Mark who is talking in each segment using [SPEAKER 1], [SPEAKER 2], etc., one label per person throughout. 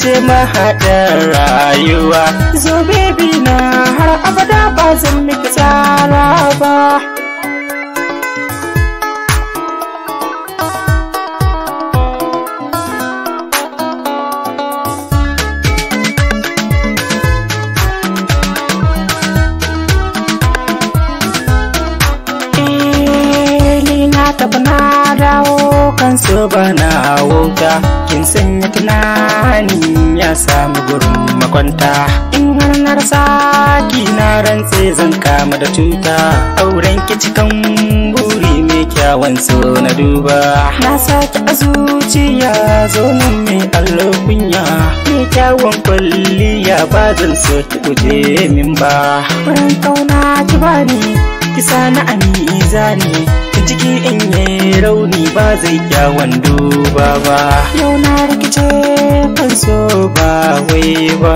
[SPEAKER 1] ce mahaɗin rayuwa zo baby na har abada ba zan miki tsara ba so bana wauta kin ya tunani ya samu gurin makwanta in har na rasa ki na rantse zan kama da cuta auren ki cikan buri me kyawun so na duba na saki a zuciya zo nan mai allo kunya me kyawun kwalliya ba zan so ki guje min ba wurin kauna ki bani kisa na amizani ciki in yi rauni ba zai kyawan duba ba yau na rikice kan so ba wai ba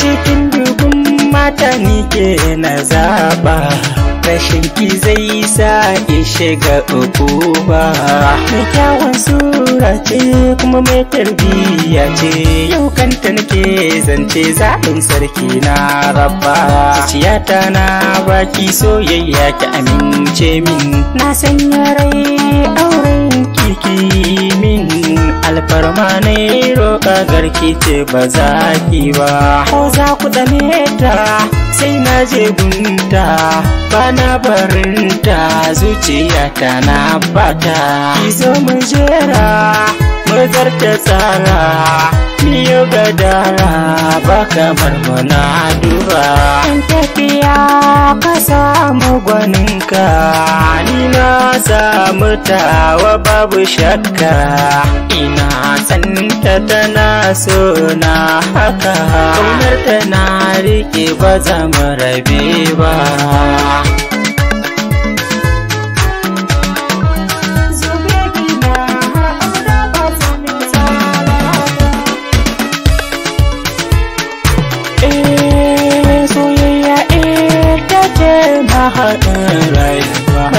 [SPEAKER 1] cikin dubun mata ni ke na zaɓa rashin ki zai sa in shiga uku ba mai kyawun sura ce kuma mai tarbiyya ce yau kanta nake zance zaɓin sarki na rabba ta na baki soyayya ki amince min na sanya rai auren kiki alfarma ne roƙa garki ce ba za ki ba ko za ku ta sai na je gunta ba na barinta zuciya ta na bata ki zo mu jera gozar ta tsara miyo gadara ba kamar muna duba an tafiya ka samu gwaninka ni na samu tawa babu shakka ina sanninta tana so na haka kaunar ta na rike ba zama rabe ba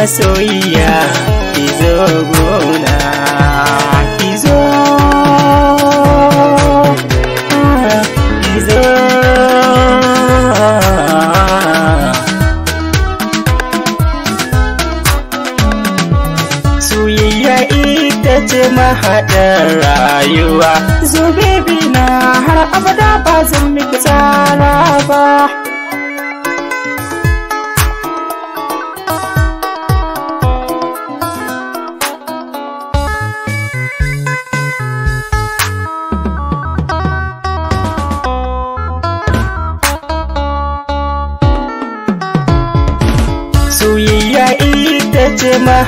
[SPEAKER 1] masoyiya izo gona kizo izo soyayya ita ce mahaɗin rayuwa zo baby na har abada ba zan miki Jema.